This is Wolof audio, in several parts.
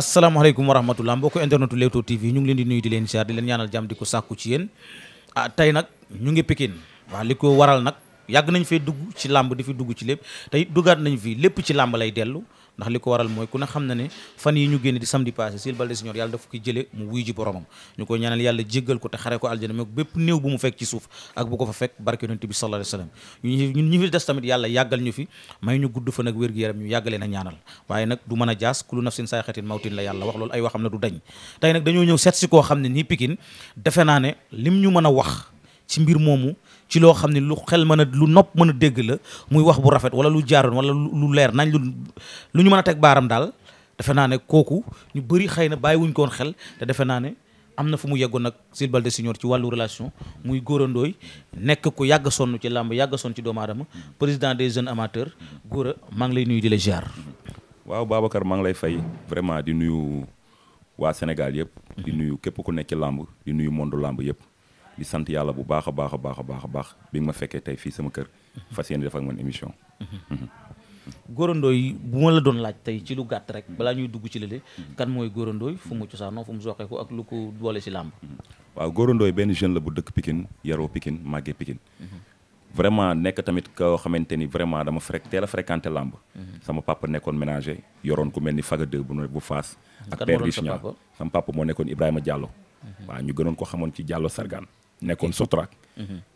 asalaamaaleykum wa rahmatulah mbokku internetu Leewtoo TV ñu ngi leen di nuyu di leen siyaar di leen ñaanal jàmm di ko sàkku ci yéen ah tey nag ñu ngi Pikine waaw li ko waral nag yàgg nañ fee dugg ci làmb di fi dugg ci lépp te it duggaat nañ fi lépp ci làmb lay dellu ndax li ko waral mooy ku ne xam na ne fan yi ñu génn di samedi passé Jules Baldé Senior yàlla dafa koy jële mu wuy ji boromam ñu koy ñaanal yàlla jéggal ko te xare ko aljana mais bépp néew bu mu fekk ci suuf ak bu ko fa fekk barke yonent bi sallallahu alayhi ñun ñu fi des tamit yàggal ñu fi may ñu gudd fa nag wér gu yaram ñu na du mën a jaas ku lu nafsin saay xatin mawtin la yàlla wax loolu ay waxam la du dañ tey nag dañoo ñëw seet si koo xam ne nii Pikine defe naa ne lim ñu mën a wax ci mbir moomu ci loo xam ne lu xel mën a lu nopp mën a dégg la muy wax bu rafet wala lu jaaroon wala lu leer nañ lu lu ñu mën a teg baaram daal defe naa ne kooku ñu bëri xëy na bàyyi wuñ koon xel te defe naa ne am na fu mu yeggoon nag Jules Baldé Junior ci wàllu relation muy góorandooy nekk ku yàgg sonn ci làmb yàgg sonn ci doomu aadama président des jeunes amateurs Gora maa lay nuyu di la ziar. waaw Babacar maa ngi lay fay vraiment di nuyu waa Sénégal yëpp. di nuyu képp ku nekk ci làmb di nuyu monde làmb yëpp. di sant yàlla bu baax a baax a baax a a baax bi nga ma fekkee tey fii sama kër fas yéene def ak man émission Gora bu ma la doon laaj tey ci lu gàtt rek balaa ñuy dugg ci lële kan mooy Gora Ndoye fu mu cosaanoo fu mu soxeeku ak lu ko boole si làmb waaw Gora Ndoye benn jeune la bu dëkk Pikine yaroo Pikine màggee Pikine vraiment nekk tamit koo xamante ni vraiment dama fréq teel a fréquenté làmb sama papa nekkoon ménager yoroon ku mel ni faga deux bu bu faas ak père Richard sama papa moo nekkoon Ibrahima Diallo waaw ñu gënoon ko xamoon nekkoon Sotrac.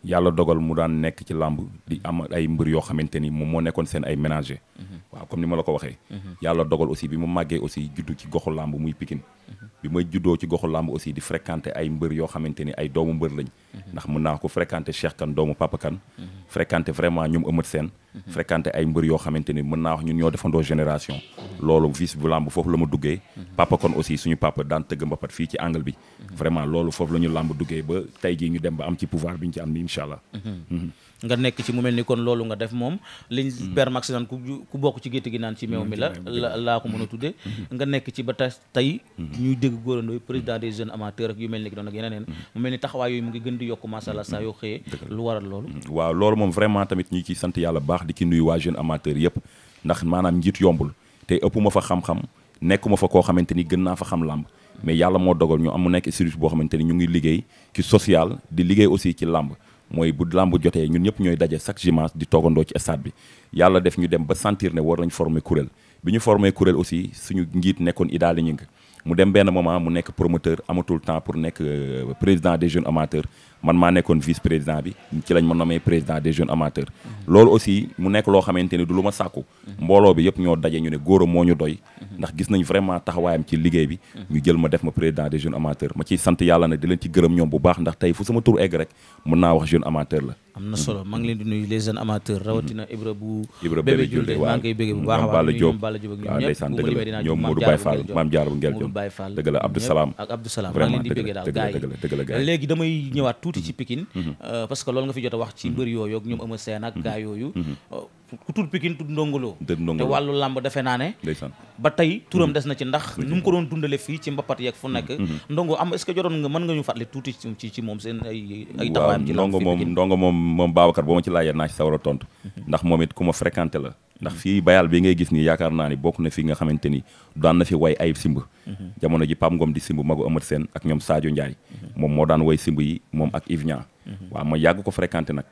yàlla dogal mu daan nekk ci làmb di am ay mbër yoo xamante ni moom moo nekkoon seen ay ménager mhm. waaw comme ni ma la ko waxee. Mhm. yàlla dogal aussi bi mu màggee aussi juddu ci goxu làmb muy Pikine. Mhm. bi may juddoo ci goxu làmb aussi di fréquenter ay mbër yoo xamante ni ay doomu mbër lañ mhm. ndax mën naa ko fréquenter Cheikh kan doomu Papa Kane mhm. fréquenter vraiment ñoom Eumeu Sène mhm. fréquenter ay mbër yoo xamante ni mën naa wax ñun ñoo defandoo génération loolu vice bu làmb foofu la ma duggee Papa kon aussi suñu papa daan tëgg mbapat fii ci angle bi vraiment loolu foofu la ñu làmb duggee ba tey jii ñu dem ba am ci pouvoir bi ñu ci am ni incha allah nga nekk ci mu mel ni kon loolu nga def moom liñ hmm. père ku ku bokk ci gétt gi naan ci meew mi la hmm. laa ko mën a tuddee hmm. nga nekk ci ba tey ñuy dégg Gora Ndoye président des jeunes amateurs ak yu mel ni ki doon ak yeneen mu mel ni taxawaay yooyu mu ngi gën di yokk masala saa yoo xëyee lu waral loolu waaw loolu moom vraiment tamit ñu ci sant yàlla baax di ki nuyu waa jeunes amateurs yëpp ndax maanaam njiit yombul te ëpp ma fa xam-xam nekkuma fa koo xamante ni gën naa fa xam làmb mais yàlla moo dogal ñu amu nekk service boo xamante ni ñu ngi liggéey ci social di liggéey aussi ci làmb mooy bu làmb jotee ñun ñëpp ñooy daje chaque dimanche di toogandoo ci stade bi yàlla def ñu dem ba sentir ne war nañ former kurel bi ñu former kuréel aussi suñu njiit nekkoon Idaali Ñing mu dem benn moment mu nekk promoteur amatul temps pour nekk euh, président des jeunes amateurs man maa nekkoon vice président bi ci lañ ma nommé président des a bu baax ndax tey la. am na solo bu. Ibra bébé Julde maa ngi koy bëgg bu baax a baax ñoom Balla maam Diarra bu Ngel Diop tuuti ci Pikine mhm. euh, parce que loolu nga fi jot a wax ci mhm. mbër yooyu ak ñoom Eumeu Sène ak mhm. gaa yooyu euh, ku tudd Pikine tudd ndongoloo te wàllu làmb defe naa ba tey turam des na ci ndax nu mu ko doon dundale fii ci mbapat yeeg fu nekk ndongo moom seen ay ci làmb ndongo ci laajee naa a tontu ndax moom it ku ma fréquenté la ndax fii bayal bi ngay gis nii yaakaar naa bokk na fi nga xamante ni daan na fi way ay simb jamono ji Pam Ngom di simb magu Amar moom moo daan woy simb yi moom ak Ivnia. waaw ma yàgg ko fréquenté nag.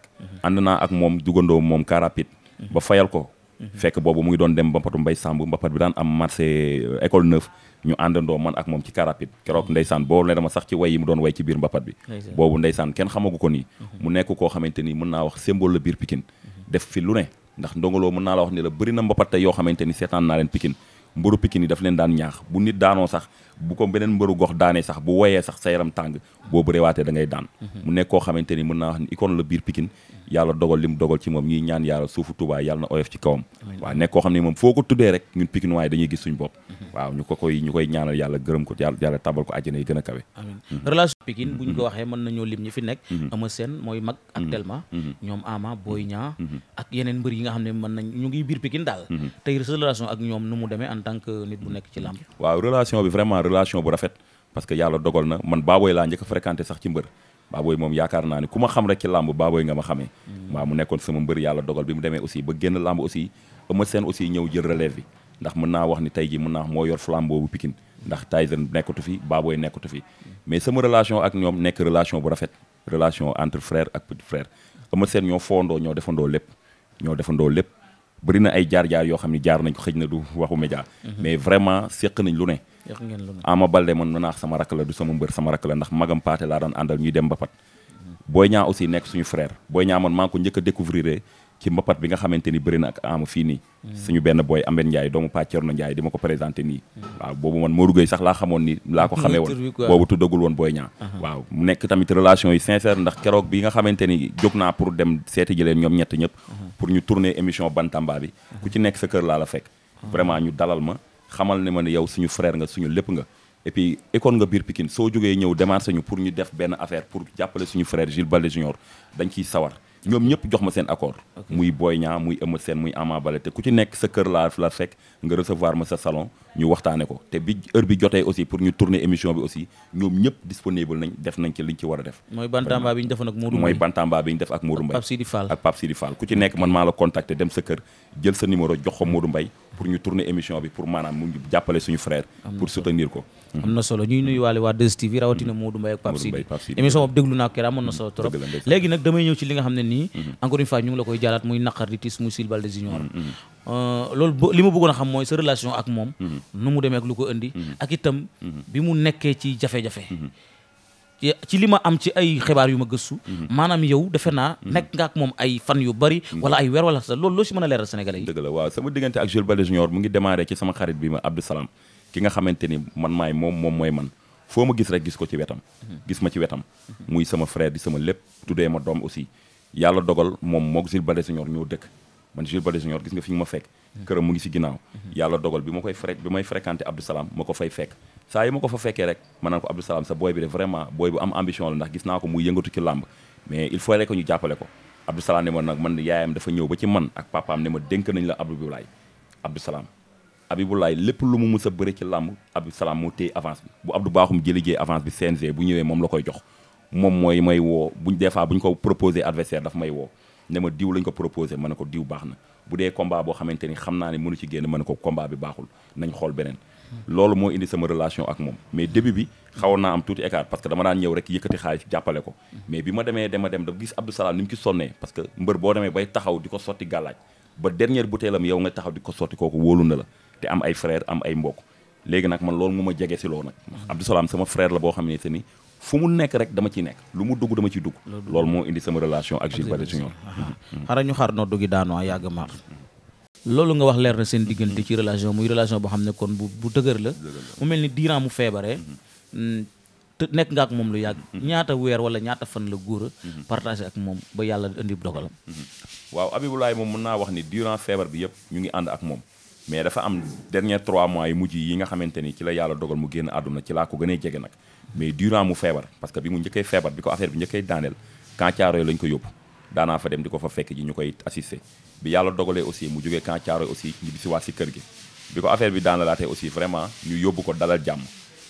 ànd naa ak moom jugandoo moom car rapide. ba fayal ko. fekk boobu mu ngi doon dem mbappatu mbay sàmb mbapat bi daan am marché euh, école neuf ñu àndandoo man ak moom ci car rapide keroog ndeysaan boobu ne sax ci way yi mu doon way ci biir mbapat bi boobu ndeysaan kenn xamagu ko nii mu nekk koo xamante ni mën naa wax symbole la biir Pikine def fi lu ne ndax ndongoloo mën naa la wax ni la bëri na mbapat yoo xamante ni seetaan naa leen Pikine mburu Pikine daf leen daan ñaax bu nit daanoo sax bu ko beneen mbëru gox daanee sax bu wayee sax sa yaram tàng boo bëreewaatee da ngay daan mhm. mu nekk koo xamante ni mën naa wax ni icône la biir Pikine yàlla dogal li mu dogal ci moom ñuy ñaan yàlla suufu Touba yàlla na oyof ci kawam waaw nekk koo xam ne moom foo ko tuddee rek ñun Pikinois yi dañuy gis suñu bopp mhm. waaw ñu ko koy koy ñaanal yàlla gërëm ko yàlla yàlla tabal ko yi gën a kawe mhm. relation Pikine bu ñu mhm. nañoo lim ñi fi nekk Ama Sène mooy mag actuellement ñoom Ama Boy yi nga xam ne mën nañ ñu ngi biir Pikine daal tey relation ak ñoom nu mu demee en tant que nit bu nekk ci làmb waaw relation bi vraiment relation bu rafet parce que yàlla dogal na man baabooy laa njëkk a sax ci mbër baaboy moom yaakaar naa ne ku ma xam rek ci làmb baaboy nga ma xamee mm. waaw mu nekkoon sama mbër yàlla dogal bi mu demee aussi ba génn làmb aussi Eumeu Sène aussi ñëw jël relève yi ndax mën naa wax ni tey ji mën naa wax moo yor flambeau bu Pikine ndax Tyson nekkatu fi baaboy nekkatu fi mais sama relation ak ñoom nekk relation bu rafet relation entre frère ak petit frère Eumeu seen ñoo foondoo ñoo defandoo lépp ñoo defandoo lépp bëri na ay jaar-jaar yoo xam ne jaar nañ ko xëj na du waxu média mm-hmm. mais vraiment séq nañ lu ne yàq ngeen lu ne Ama Baldé man naax sama rakk la du sama mbër sama rakk la ndax magam paate laa daan àndal ñuy dem mbapat Boy Niang aussi nekk suñu frère Boy Niang man maa ngi ko njëkk a découvrir ci mbapat bi nga xamante ni bëri na ak fii nii hmm. suñu benn booy Amben Ndiaye doomu Pa Cerno Ndiaye di ma ko présenté nii hmm. waaw boobu man Modou Gueye sax laa xamoon ni laa ko xamee woon boobu tuddagul woon Boy Niang waaw mu nekk tamit relation yi sincère ndax keroog bi nga xamante ni jóg naa pour dem seeti ji ñoom ñett ñëpp pour ñu tourner émission Bantamba bi ku ci nekk sa kër laa la fekk vraiment ñu dalal ma xamal ne ma ne yow suñu frère nga suñu lépp nga et puis école nga biir Pikine soo jógee ñëw démarché ñu pour ñu def benn affaire pour jàppale suñu frère Jules Baldé Junior dañ ciy sawar ñoom ñëpp jox ma seen accord muy Boy Niang muy Eumeu Sène muy Ama Baldé te ku ci nekk sa kër laa la fekk nga recevoir ma sa salon ñu waxtaane ko te bi heure bi jotee aussi pour ñu tourner émission bi aussi ñoom ñëpp disponible nañ nañ ci liñ ci war mooy bantamba ñu def ak Modou Mbaye mooy bantamba bi ñu def ak Modou Mbaye Pape Sidi Fall ak ku ci nekk man maa la contacter dem sa kër jël sa numéro jox ko Modou mbay pour ñu tourner émission bi pour maanaam mu jàppale suñu frère pour soutenir ko Mm-hmm. am na solo ñuy mm-hmm. nuyuwaale waa 2STV mm-hmm. rawatina Modou Mbaye ak Pape Sidi émission boobu déglu naa ko amoon na solo trop léegi nag damay ñëw ci li nga xam ne nii encore une fois ñu ngi euh, li ma bëggoon a xam mooy sa relation ak moom nu mu demee lu ko indi ak itam bi mu nekkee ci jafe-jafe ci li ma am ci ay xibaar yu ma gëstu maanaam yow defe naa nekk nga ak moom ay fan yu bari wala ay weer wala sa loolu loo si mën a leeral sénégalais yi dëgg sama diggante ak Jules Baldé Junior mu ngi démarré ci sama xarit bi ma Abdou Salam ki nga xamante ni man maay moom moom mooy man foo ma gis rek gis ko ci wetam gis ma ci wetam muy sama frère di sama lépp tuddee ma doom aussi yàlla dogal moom mook Jules Baldé Junior ñoo dëkk man Jules Baldé Junior gis nga fi nga ma fekk këram mu ngi si ginnaaw yàlla dogal bi ma koy fre bi may fréquenté Abdou Salam ma ko fay fekk saa yi ma ko fa fekkee rek ma naan ko Abdou Salam sa booy bi de vraiment booy bu am ambition la ndax gis naa ko mu yëngatu ci làmb mais il faut rek jàppale ko Abdou Salam ne ma yaayam dafa ñëw ba ci man ak papaam ne ma dénk nañ la Abdou Bilaay Abdou Salam laay lépp lu mu mës a bëri ci làmb Abib Salaam moo téye avance bi bu baaxum Bakhoum jëligee avance bi CNG bu ñëwee moom la koy jox moom mooy may woo buñ des fois buñ ko proposé adversaire daf may woo ne ma diw lañ ko proposé ma ne ko diw baax na bu dee combat boo xamante ni xam naa ne munu ci génn ma ne ko combat bi baaxul nañ xool beneen loolu moo indi sama relation ak moom mais début bi xawoon naa am tuuti écart parce que dama daan ñëw rek yëkkati xaalis jàppale ko mais bi ma demee dema dem dafa gis ci sonnee parce que mbër boo demee bay taxaw di ko sotti gàllaaj ba dernière bouteille am yow nga taxaw di ko sotti kooku wóolu na te am ay frère am ay mbokk léegi nag man loolu mu ma jege si loo nag Abdou Salam sama frère la boo xam ne te ni fu mu nekk rek dama ciy nekk lu mu dugg dama ciy dugg lool moo indi sama relation ak Jules Baldé Junior ñu xaar noo duggi daanoo yàgg maar loolu nga wax leer na seen diggante ci relation muy relation boo xam ne kon bu bu dëgër la mu mel ni diiran mu feebaree mhm. mm, nekk nga ak moom lu yàgg mhm. ñaata weer wala ñaata fan la góor a mhm. partagé ak moom ba yàlla indi dogalam waaw Abibulaay moom mën naa wax ni diiran feebar bi yëpp ñu ngi ànd ak moom mais dafa am dernier trois mois yi mujj yi nga xamante ni ci la yàlla dogal mu génn àdduna ci laa ko gën a jege nag mais durant mu feebar parce que bi mu njëkkee feebar bi ko affaire bi njëkkee daaneel Camp Thiaroye lañ ko yóbbu daanaa fa dem di ko fa fekk ji koy assister yàlla dogalee aussi mu jógee Camp Thiaroye aussi si kër ko affaire bi daanalaatee aussi vraiment ñu yóbbu ko dalal jàmm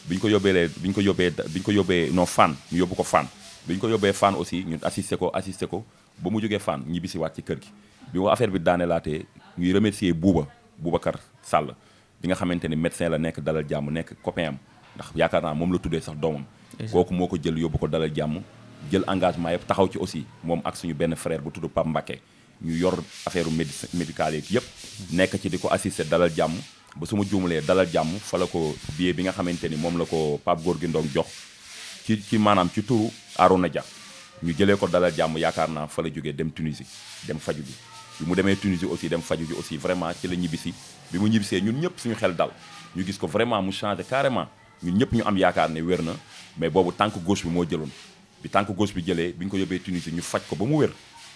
bi ko yóbbeelee bi ñu ko yóbbee bi ñu ko yóbbee non fan yóbbu ko fan bi ñu ko yóbbee fan aussi ñu assister ko assister ko ba mu jógee fan ñibbisi waat ci kër gi bi ko bi daanelaatee ñuy remercier buuba Boubacar Sall bi nga xamante ni médecin la nekk dalal jàmm nekk copain am ndax yaakaar naa moom la tuddee sax doomam kooku moo ko jël yóbbu ko dalal jàmm jël engagement yëpp taxaw ci aussi moom ak suñu benn frère bu tudd Pape ñu yor affaire médi médicale yeeg yëpp nekk ci di ko assisté dalal jàmm ba su ma juumalee dalal jàmm fa la ko billet bi nga xamante ni moom la ko Pape Gorgui Ndong jox ci ci maanaam ci turu Arouna jax ñu jëlee ko dalal jàmm yaakaar naa fa la jógee dem Tunisie dem faju bi bi mu demee Tunisie aussi dem faju ji aussi vraiment ci la ñibbisi bi mu ñibbisee ñun ñëpp suñu xel dal ñu gis ko vraiment mu changé carrément ñun ñëpp ñu am yaakaar ne wér na mais boobu tànk gauche bi moo jëloon bi tànk gauche bi jëlee bi ñu ko yóbbee Tunisie ñu faj ko ba mu wér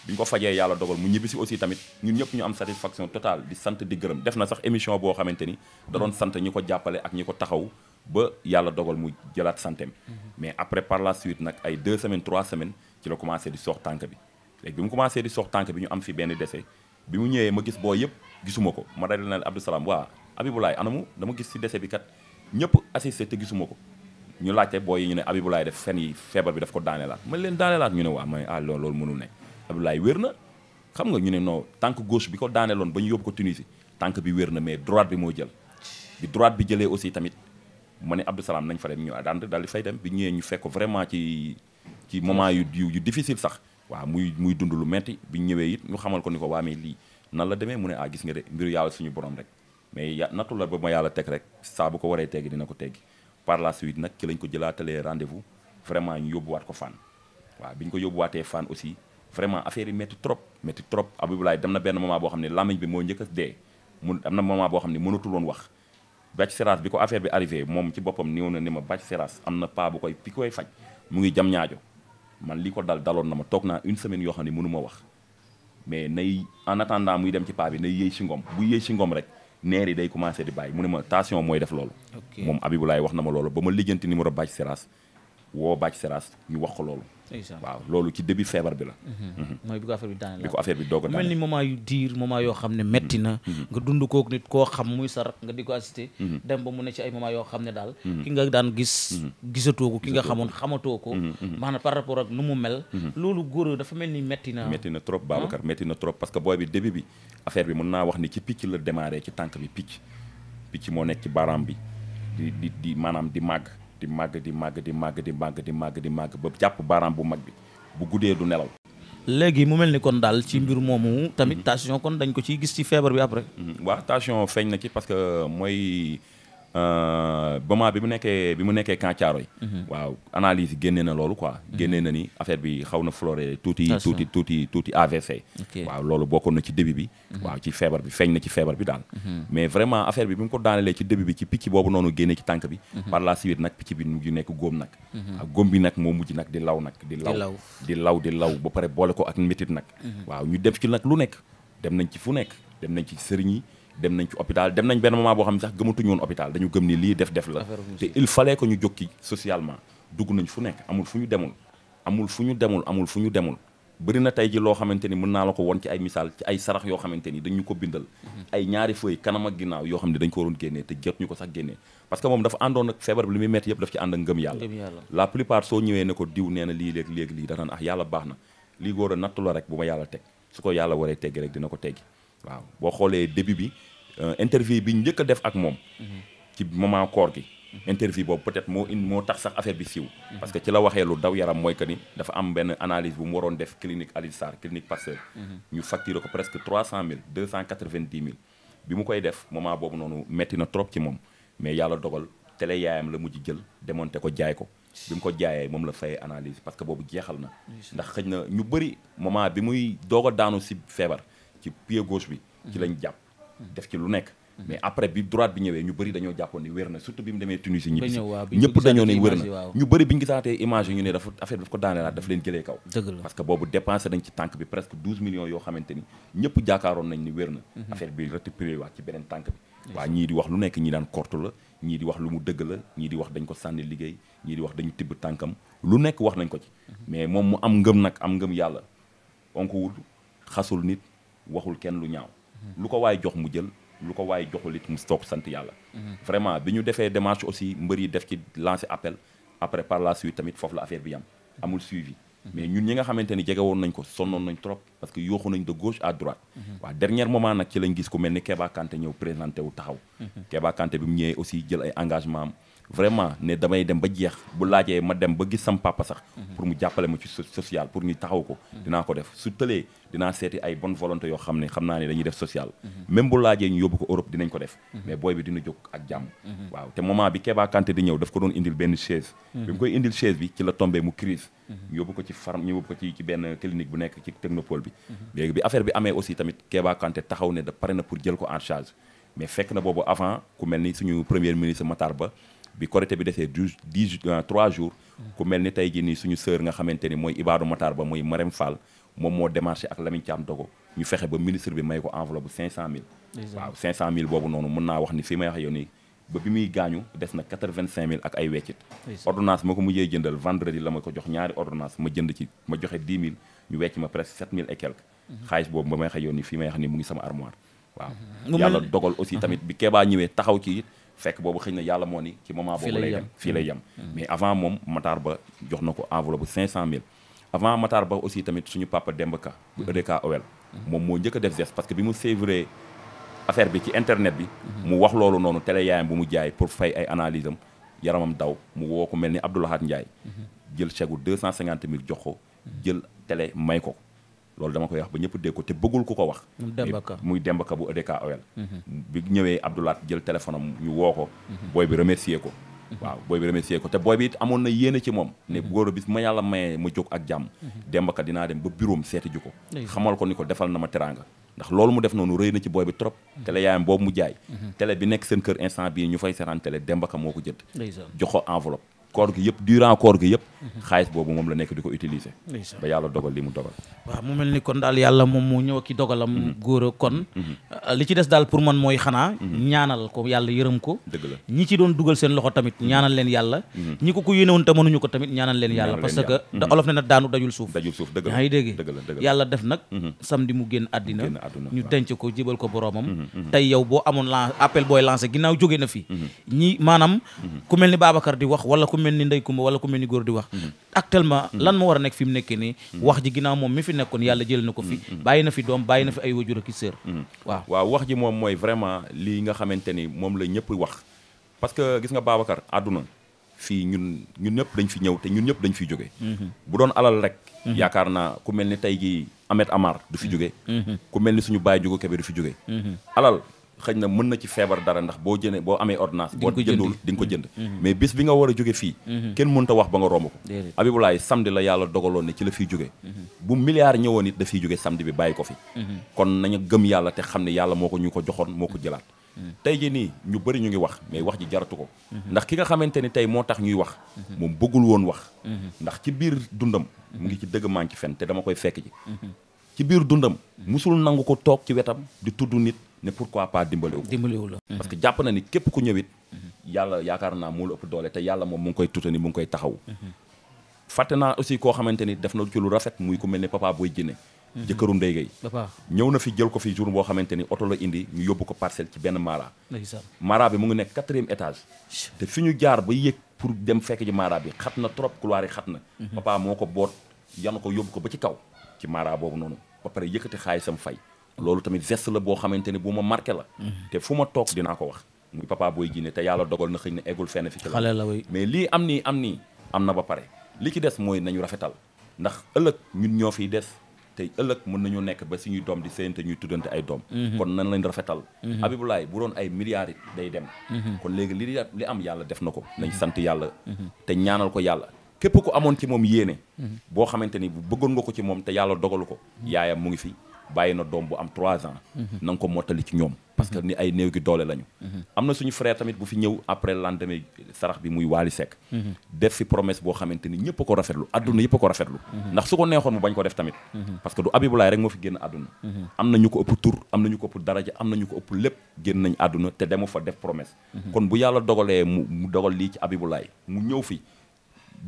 bi ñu ko fajee yàlla dogal mu ñibbisi aussi tamit ñun ñëpp ñu am satisfaction totale di sant di gërëm def na sax émission boo xamante ni da doon sant ñi ko jàppale ak ñi ko taxaw ba yàlla dogal mu jëlaat santem mm-hmm. mais après par la suite nag ay deux semaines trois semaines ci la commencé di soox tànk bi léegi bi mu commencé di sox tànk bi ñu am fi benn dese bi mu ñëwee ma gis booy yëpp gisuma ko ma dal na Abdou Salam waa Abibulaay anamu dama gis si dese bi kat ñëpp assisté te gisuma ko ñu laajte booy yi ñu ne Abibulaay def fen yi feebar bi daf ko daaneelaat ma leen daaneelaat ñu ne waa man ah loolu loolu mënul ne Abibulaay wér na xam nga ñu ne noo tànk gauche bi ko daaneeloon ba ñu yóbbu ko Tunisie tànk bi wér na mais droite bi moo jël bi droite bi jëlee aussi tamit ma ne Abdou Salam nañ fa dem ñu ànd daal di fay dem bi ñëwee ñu fekk vraiment ci ci moment yu yu difficile sax waaw muy muy dund lu metti bi ñu ñëwee it ñu xamal ko ni ko waa mais lii nan la demee mu ne ah gis nga de mbiru yàlla suñu borom rek mais ya nattu la ba ma yàlla teg rek saa bu ko waree teggi dina ko teggi par la suite nag ci lañ ko jëlaatalee rendez-vous vraiment ñu yóbbuwaat ko fan waa bi ñu ko yóbbuwaatee fan aussi vraiment affaire yi métti trop métti trop Abdoulaye dem na benn moment boo xam ne làmmiñ bi moo njëkk a dee mun am na moment boo xam ne mënatul wax bàcc séras bi ko affaire bi arrivé moom ci boppam néew na ni ma bàcc am na pas bu bi koy faj mu ngi jam ñaajo man li ko dal daloon na ma toog naa une semaine yoo xam ne mënu ma wax mais nay en attendant muy dem ci paa bi nay yëy si ngoom bu yëy si ngoom rek neer yi day commencé di bàyyi mu ne ma tension mooy def loolu moom Abibulaay wax na ma loolu ba ma lijjanti numéro Bathie Seras woo Bathie Seras ñu wax ko loolu waaw loolu ci début feebar bi la mhm. Mhm. mooy bi ko affaire bi daane la mel ni moment yu diir moment yoo xam ne metti na mhm. nga dund kook nit koo xam muy sar nga di ko assisté dem ba mu ne ci ay moment yoo xam ne daal ki nga daan gis gisatoo ko ki nga xamoon xamatoo ko maanaam par rapport ak nu mu mel loolu góor dafa mel ni metti na metti na trop Babacar ah. metti na trop parce que booy bi début bi affaire bi mën naa wax ni ci picc la démarré ci tànk bi picc picc moo nekk ci baaraam bi di maanaam di màgg di màgg di màgg di màgg di màgg di màgg di màgg ba jàpp baaraam bu mag bi bu guddee du nelaw. léegi mu mel ni kon daal ci mm-hmm. mbir moomu. tamit mm-hmm. tension kon dañ ko ciy gis ci feebar bi après. Mm-hmm. waaw tension feeñ na ci parce que mooy. moment euh, bi mu nekkee bi mu nekkee Camp Thiaroye mhm. waaw analyse génne na loolu quoi mhm. génne na ni affaire bi xaw na floré tuuti tuuti tuuti tuuti AVC waaw loolu bokkoon na ci début bi mhm. waaw ci feebar bi feeñ na ci feebar bi daal mais vraiment affaire bi bi mu ko daanalee ci début bi ci picc boobu noonu génne ci tànk bi par la suite nag picc bi mujj nekk góom nag waaw góom bi nag moo mujj nag di law nag di law di law di law ba pare boole ko ak métit nag waaw ñu dem ci nag lu nekk dem nañ ci fu nekk dem nañ ci sëriñ yi dem nañ ci hôpital dem nañ benn moment boo xam ne sax gëmatuñu woon hôpital dañu gëm ni lii def def la te il fallait que ñu jóg ci socialement dugg nañ fu nekk amul fu ñu demul amul fu ñu demul amul fu ñu demul bëri na tey ji loo xamante ni mën naa la ko won ci ay misaal ci ay sarax yoo xamante ni dañu ko bindal mhm. ay ñaari feuille kanam ak ginnaaw yoo xam ne dañ ko waroon génnee te jot ñu ko sax génnee parce que moom dafa àndoon ak feebar bi li muy metti yëpp daf ci ànd ak la ah, baax na lii a nattu la rek bu ma yàlla teg su ko yàlla waree teggi rek ko teggi waaw boo xoolee Euh, interview bi njëkk a def ak moom. ci moment koor gi. interview boobu peut-être moo indi moo tax sax affaire bi siiw. parce que ci la waxee lu daw yaram mooy que ni dafa am benn analyse bu mu waroon def clinique Alioune Sarr clinique Pasteur. ñu facturé ko presque trois cent mille deux cent quatre-vingt-dix mille. bi mu koy def moment boobu noonu metti na trop ci moom mais yàlla dogal tele yaayam la mujj jël démonté ko jaay ko. bi mu ko jaayee moom la fayee analyse parce que boobu jeexal na. ndax xëj na ñu bëri moment bi muy doog a si feebar ci pied bi. ci mm-hmm. lañ jàpp. def ci lu nekk mm-hmm. mais après bi droite bi ñëwee ñu bëri dañoo jàppoon ni wér na surtout bi mu demee Tunisie ñibbi si ñëpp dañoo ne wér na ñu bëri bi ñu gisaatee image yi ñu ne dafa affaire daf ko daaneelaat daf leen jëlee kaw parce que boobu dépensé nañ ci tànk bi presque 12 millions yoo xamante ni ñëpp jaakaaroon nañ ni wér na mm-hmm. affaire bi récupéré waat ci beneen tànk bi waa ñii di wax lu nekk ñi daan kortu la ñii di wax lu mu dëgg la ñii di wax dañ ko sànni liggéey ñii wax dañu tibb tànkam lu nekk wax nañ ko ci mm-hmm. mais moom mu am ngëm nag am ngëm yàlla onkuwul xasul nit waxul kenn lu ñaaw lu ko waay jox mu jël lu ko waay joxul it mu toog sant yàlla. vraiment bi ñu defee démarche aussi mbër yi def ci lancer appel après par la suite tamit foofu la affaire bi yam amul suivi. mais ñun ñi nga xamante ni jege woon nañ ko sonnoon nañ trop parce que yooxu nañ de gauche à droite. waa dernier moment nag ci lañ gis ku mel ni Keba Kanté ñëw présenté wu taxaw. Keba Kanté bi mu ñëwee aussi jël ay engagement am. vraiment ne damay dem ba jeex bu laajee ma dem ba gis sam sax mhm. pour mu jàppale ma ci social pour ñu taxaw ko mhm. dinaa ko def su tëlee dinaa seeti ay bonne volonté yoo xam ne xam naa ne dañuy def social mhm. même bu laajee ñu yóbbu ko Europe dinañ ko def mais booy bi dina jóg ak jàmm waaw te moment bi Keba di ñëw daf ko doon indil benn chaise bi mu koy indil chaise bi ci la tombé mu crise ñu yóbbu ko ci farm ñu yóbbu ko ci ci benn clinique bu nekk ci technopole bi léegi bi affaire bi amee aussi tamit Keba taxaw ne pare na jël ko en charge fekk na boobu avant ku mel ni suñu premier ministre Matar Ba bi Korité bi desee du dix euh, trois jours ku mel ni tey jii nii suñu sœur nga xamante ni mooy Ibadou Matar ba muy Marème Fall moom moo démarché ak Lamine Thiam Dogo ñu fexe ba ministre bi may ko enveloppe cinq cent mille ak ay weccit ordonnance ma ko mujjee jëndal vendredi la ma ko jox ñaari ordonnance ma jënd ci ma joxe dix mille ñu wecc ma presque sept mille et quelque mhm. xaalis boobu ba may wax yow nii fii may wax nii mu ngi sama armoire waaw yàlla fekk boobu xëy na yàlla moo ni ci moment boobu lay dem fii lay yem mm-hmm. Mm-hmm. mais avant moom Matar Ba jox na ko enveloppe cent 500000 avant Matar Ba aussi tamit suñu papa Demba Ka bu mm-hmm. EDK OL moom moo njëkk a def geste parce que bi mu sévré affaire bi ci internet bi mu wax loolu noonu télé yaayam bu mu jaay pour fay ay analyse am yaramam daw mu woo ko mel ni Abdoulahat Ndiaye jël chèque bu 250000 jox ko jël télé may ko loolu dama koy wax ba ñëpp dégg ko te bëggul ku ko wax muy dembaka Ka bu EDK Oil mhm. bi ñëwee Abdoulaat jël téléphone am ñu woo ko mhm. booy bi remercier ko mhm. waaw booy bi remercier ko te booy bi it amoon na yéene ci moom ne góor bis ma yàlla mayee ma jóg ak jàmm Demba dinaa dem ba bureau am seeti ju ko xamal ko ni ko defal na ma teraanga ndax loolu mu def noonu rëy na ci booy bi trop télé boobu mu jaay tele bi nekk seen kër instant bii ñu fay seetaan télé Demba moo ko jënd jox ko enveloppe koor gi yëpp durant koor gi yëpp mhm. xaalis boobu moom la nekk di ko utiliser ba yàlla dogal li mu dogal waaw mu mel ni kon daal yàlla moom mu ñëw ki dogalam mhm. góor a kon mhm. euh, li ci des daal pour man mooy xanaa ñaanal ko yàlla yërëm ko dëgg la ñi ci doon dugal seen loxo tamit ñaanal leen yàlla ñi ko ko yénewoon te mënuñu ko tamit ñaanal leen yàlla parce que da olof ne na daanu dajul suuf dajul suuf dëgg la yaa ngi dégg yàlla def nag samedi mu génn àddina ñu denc ko jébal ko boroomam mel ni Ndeye Coumba wala ku mel ni góor di wax mhm. actuellement mhm. lan moo war a nekk fi mu nekkee nii mhm. wax ji ginnaaw moom mi fi nekkoon yàlla jël na ko fi bàyyi na fi doom bàyyi na fi ay wajur ak i sœur waaw waaw wax ji moom mooy vraiment lii nga xamante ni moom la ñëpp wax parce que gis nga Babacar àdduna fii ñun ñun ñëpp dañ fi ñëw te ñun ñëpp dañ fi jóge bu doon alal rek yaakaar naa ku mel ni tey gi Ahmed Amar du fi jóge ku mel ni suñu baay jógo kebe du fi jóge xëy na mën na ci feebar dara ndax boo boo amee ordonnance boo jëndul di nga ko jënd mm-hmm. Mm-hmm. mais bis bi nga war a jóge fii mm-hmm. kenn mënta wax ba nga romb ko Abibulaay samedi la yàlla dogaloon ne ci la fiy jóge bu milliard ñëwoon it dafay fiy jóge samedi bi bàyyi ko fi kon na gëm yàlla te xam ne yàlla moo ko ñu ko joxoon moo ko jëlaat tey ji nii ñu bëri ñu ngi wax mais wax ji jaratu ko ndax ki nga xamante ni tey moo tax ñuy wax moom bëggul woon wax ndax ci biir dundam mu ngi ci dëgg maa ngi ci dama koy fekk ci biir dundam musul nangu ko toog ci wetam di tudd nit ne pourquoi pas dimbaliwu ko dimbaliwu la parce que jàpp na ni képp ku ñëwit yàlla yaakaar naa moo la ëpp doole te yàlla moom mu ngi koy tuta ni mu ngi koy taxaw fàtte naa aussi koo xamante ni daf na ci lu rafet muy ku mel ni papa booy jinne mhm. jëkkëru Ndeye Gueye ñëw na fi jël ko fi jour boo xamante ni oto la indi ñu yóbbu ko parcelle ci benn mara mara bi mu ngi nekk quatrième étage te fi ñu jaar ba yéeg pour dem fekk ji mara bi xat na trop couloir yi xat na mhm. papa moo ko boot yan ko yóbbu ko ba ci kaw ci mara boobu noonu ba pare yëkkati xaalisam fay loolu tamit geste la boo xamante ni bu ma marqué la mhm. te fu ma toog dinaa ko wax muy papa booy jinne te yàlla dogal na xëy ne eggul fenn fi ci la mais li am nii am nii am na ba pare li ci des mooy nañu rafetal ndax ëllëg ñun ñoo fiy des te ëllëg mën nañu nekk ba suñuy doom di séyante ñuy tuddante ay doom mhm. kon nan lañ rafetal mhm. Abibulaay bu doon ay milliards it day dem kon léegi li li am yàlla def na ko nañ sant yàlla te ñaanal ko yàlla képp ku amoon ci moom yéene boo xamante ni bu bëggoon nga ko ci moom te yàlla dogalu ko yaayam mu ngi fi bàyyi na doom bu am 3 ans. Mhm. na ko mottali ci ñoom. parce que ni ay néew gi doole lañu. Mhm. am na suñu frère tamit bu fi ñëw après lendemain sarax bi muy Waly Seck. Mhm. def fi promesse boo xamante ni ñëpp a ko rafetlu adduna yëpp ko rafetlu. ndax su ko neexoon mu bañ ko def tamit. parce que du Abibulaay rek moo fi génn adduna. am na ñu ko ëpp tur am na ñu ko ëpp daraja am na ñu ko ëpp lépp génn nañ adduna te demu fa def promesse. kon bu yàlla dogalee mu mu dogal lii ci Abibulaay mu ñëw fi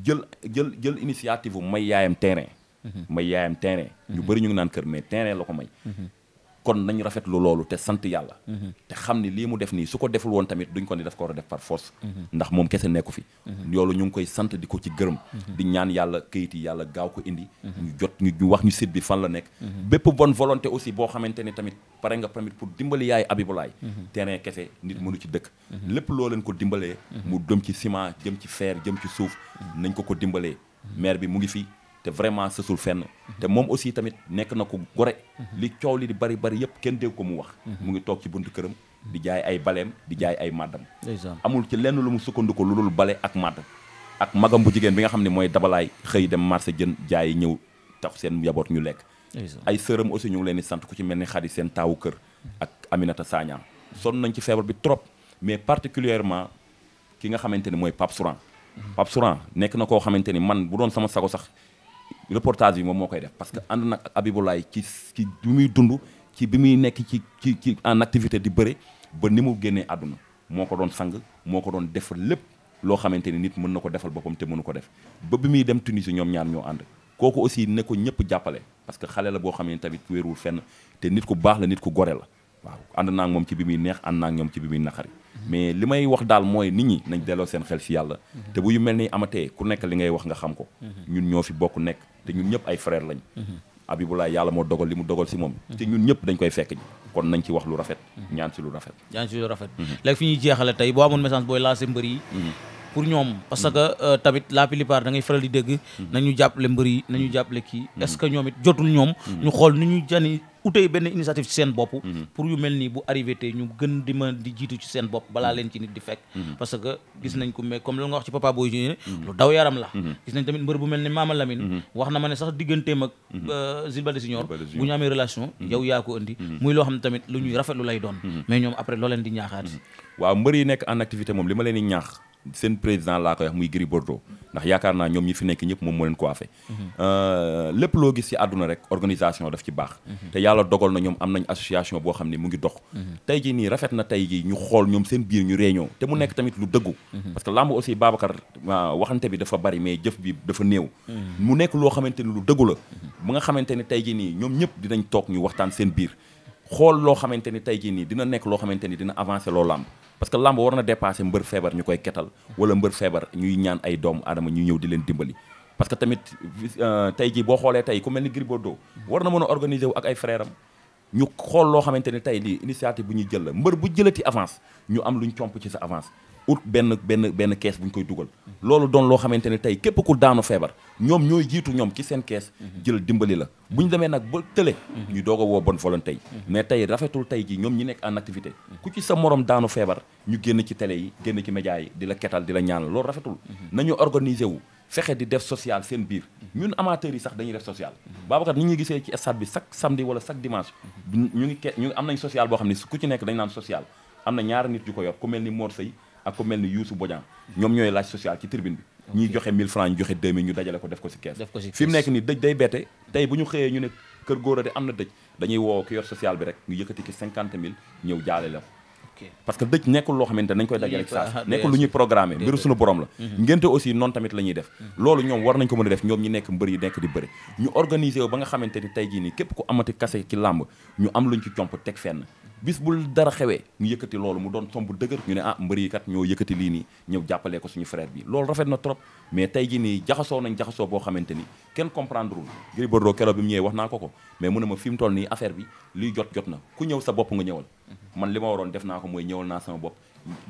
jël jël jël initiative bu may yaayam terrain. Mm-hmm. may yaayam terrain ñu mm-hmm. bëri ñu ngi naan kër mais terrain la ko may mm-hmm. kon nañ rafetlu loolu te sant yàlla te xam ni lii mu def nii su ko deful woon tamit duñ ko ni daf ko war a def par force ndax moom kese nekku fi loolu ñu ngi koy sant di ko ci gërëm di ñaan yàlla kayit yi yàlla gaaw ko indi ñu jot ñu wax ñu site bi fan la nekk bépp bonne volonté aussi boo xamante ni tamit pare nga tamit pour dimbali yaay abibulaay terrain kese nit mënu ci dëkk lépp loo leen ko dimbalee mu jëm ci ciment jëm ci fer jëm ci suuf nañ ko ko dimbalee maire bi mu te vraiment sësul fenn te moom aussi tamit nekk na ko gore li coow li di bari bari yëpp kenn dégg ko mu wax mu ngi toog ci buntu këram di jaay ay baleem di jaay ay màddam amul ci lenn lu mu sukkandiku lu dul bale ak màdd ak magam bu jigéen bi nga xam ne mooy dabalaay xëy dem marché jën jaay ñëw tax seen yaboot ñu lekk ay sëram aussi ñu ngi leen di sant ku ci mel ni xadi seen taawu kër ak Aminata Sagna sonn nañ ci feebar bi trop mais particulièrement ki nga xamante ni mooy Pape Souran Pape Souran nekk na koo xamante ni man bu doon sama sago sax reportage bi moom moo koy def parce que ànd nag ak Abiboulaye ci ci bi muy dund ci bi muy nekk ci ci ci en activité di bëre ba ni mu génnee àdduna moo ko doon sang moo ko doon defal lépp loo xamante ni nit mën na ko defal boppam te mënu ko def ba bi muy dem Tunisie ñoom ñaar ñoo ànd kooku aussi ne ko ñëpp jàppale parce que xale la boo xam ne tamit wéerul fenn te nit ku baax la nit ku gore la waaw ànd naa ci bi muy neex ànd naa ñoom ci bi muy naqari mais li may wax daal mooy nit ñi nañ delloo seen xel si yàlla mhm. te bu yu mel ni amatee ku nekk li ngay wax nga xam ko mhm. ñun ñoo fi bokk nekk te ñun ñëpp ay frère lañ mhm. Abibulaay yàlla moo dogal li mu dogal si moom mhm. te ñun ñëpp dañ koy fekk ñi kon nañ ci wax lu rafet mhm. ñaan si lu rafet ñaan si lu rafet léegi fi ñuy jeexale tey boo amoon message booy lancé mbër yi pour ñoom parce que euh, tamit la plupart da ngay faral di dégg nañu jàppale mbër yi nañu jàppale kii est ñoom it jotul ñoom ñu xool nu ñu jani utey benn initiative ci seen bopp mhm. pour yu mel nii bu arrivé tey ñu gën di ma di jiitu ci seen bopp balaa mhm. leen ci nit di fekk mhm. parce que gis nañ ko mais comme lu nga wax ci papa boy junior lu daw yaram la gis nañ tamit mbër bu mel ni Mama Lamine wax na ma ne sax digganteem ak Zilbade euh, Junior bu ñu amee relation yow yaa ko indi muy loo xam ne tamit lu ñuy rafetlu lay doon mais ñoom après looleen leen di ñaaxaat waaw mbër yi nekk en activité moom li ma leen di ñaax seen président laa koy wax muy Gris Bordeaux ndax yaakaar naa ñoom ñi fi nekk ñëpp moom moo leen coiffé euh, lépp loo gis ci àdduna rek organisation daf ci baax te yàlla dogal na ñoom am nañ association boo xam ne mu ngi dox tey jii nii rafet na tey jii ñu xool ñoom seen biir ñu réunion te mu nekk tamit lu dëggu parce que làmb aussi Babacar waxante bi dafa bari mais jëf bi dafa néew mu nekk loo xamante ni lu dëggu la bu nga xamante ne tey jii nii ñoom ñëpp dinañ toog ñu waxtaan seen biir xool loo xamante ni tey jii nii dina nekk loo xamante ni dina avancer loo làmb parce que làmb war na dépasser mbër feebar ñu koy ketal wala mbër feebar ñuy ñaan ay doomu aadama ñu ñëw di leen dimbali parce que tamit euh, tey jii boo xoolee tey ku mel ni Gris Bordeaux war na mën a organiser wu ak ay frères ñu xool loo xamante ni tey lii initiative bu ñu jël la mbër bu jëlati avance ñu am lu ñu comp ci sa avance ut benn benn benn kees bu ñu koy dugal loolu doon loo xamante ne tey képp ku daanu feebar ñoom ñooy jiitu ñoom ci seen kees jël dimbali la bu ñu demee nag ba tële ñu doog a woo bonne volonté yi mais tey rafetul tey ji ñoom ñi nekk en activité ku ci sa morom daanu feebar ñu génn ci télé yi génn ci média yi di la ketal di la ñaanal loolu rafetul nañu organiser wu fexe di def social seen biir ñun amateurs yi sax dañuy def social Babacar ni ñuy gisee ci stade bi chaque samedi wala chaque dimanche ñu ngi nañ social boo xam ne ku ci nekk dañ naan social na ñaari nit yu ko yor ku mel ni Mor Seye ak ko mel ni Youssou Bodian ñoom ñooy laaj social ci tribune bi ñiy joxe 1000 francs ñu joxe 2000 ñu dajale ko def ko si kees fi mu nekk ni dëj day bette tey bu ñu xëyee ñu ne kër góor a de am na dëj dañuy woo ki yor social bi rek ngi yëkkati ki 50 mille ñëw jaale ko parce que dëj nekkul loo xamante nañ koy dajale ci saa ah, nekkul lu ñuy programmé mbiru suñu borom la mm-hmm. ngénte aussi noonu tamit la ñuy def mm-hmm. loolu ñoom war nañ ko mën a def ñoom yi nekk di bëri ñu organiser wu ni tey jii nii képp ku amati kase ci làmb ñu am luñ ci comp teg fenn yëkkati loolu mu doon tomb dëgër ñu ne ah mbër yi kat ñoo yëkkati lii nii ñëw jàppalee ko suñu frère bi loolu rafet na trop mais tey jii nii jaxasoo nañ jaxasoo boo xamante ni kenn comprendre wul Gris Bordeaux bi mu ñëwee wax naa ko ko mais mu ne ma fi mu nii affaire bi liy jot jot man li ma waroon def naa ko mooy ñëwal naa sama bopp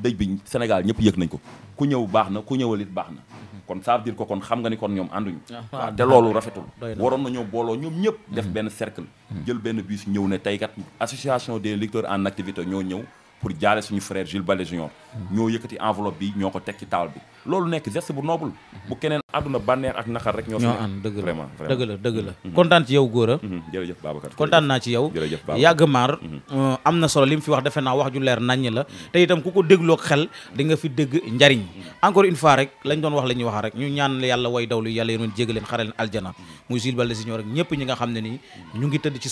dëj bi Sénégal ñëpp yëg nañ ko ku ñëw baax na ku ñëwal it baax na kon ça veut ko kon xam nga ni kon ñoom ànduñu ah, waaw te loolu rafetul waroon na ñoo booloo ñoom ñëpp def mm-hmm. benn cercle mm-hmm. jël benn biis ñëw ne tey kat association des lecteurs en activité ñoo ñëw pour jaale suñu frère Jules Baldé Junior ñoo yëkkati enveloppe bi ñoo ko teg taal bi loolu nekk geste bu noble bu keneen àdduna bànneex ak naqar rek ñoo fi dëgg la dëgg la dëgg mhm. la kontaan ci yow Gora mhm. kontaan naa ci yow jërëjëf yàgg maar mhm. euh, am na solo li fi wax defe naa wax ju leer naññ la te itam ku ko dégloo xel di nga fi dégg njariñ encore une fois rek lañ doon wax la ñuy wax rek ñu ñaan yàlla way dawlu yàlla yenoon jégg leen xare leen aljana muy Jules Baldé Junior rek nga xam ne nii ngi tëdd ci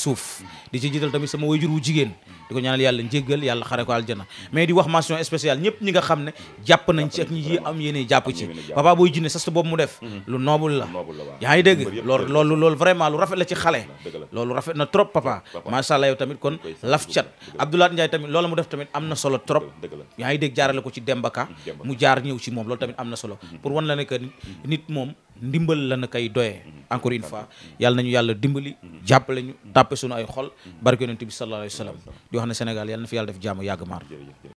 ci jiital tamit sama wayjur wu jigéen aljana mais di wax mention spéciale ñëpp ñi nga xam ne jàpp nañ ci ak ñi am yéene jàpp ci papa booy jinne sas boobu mu def mhm. lu noobul la yaa ngi dégg loolu loolu loolu vraiment lu rafet la ci xale loolu rafet na trop papa macha allah yow tamit kon laf cat Abdoulaye Ndiaye tamit loolu mu def tamit am na solo trop yaa dégg jaarale ko ci Demba mu jaar ñëw ci moom loolu tamit am na solo mhm. pour wan la mhm. nit moom ndimbal la na koy doyee mm-hmm. encore une fois yàlla nañu yàlla dimbali mm-hmm. jàppale ñu tàppe suñu ay xol mm-hmm. barke yonent bi sallallahu alayhi wa sallam di wax ne Sénégal yàlla na fi yàlla def jàmm yàgg maar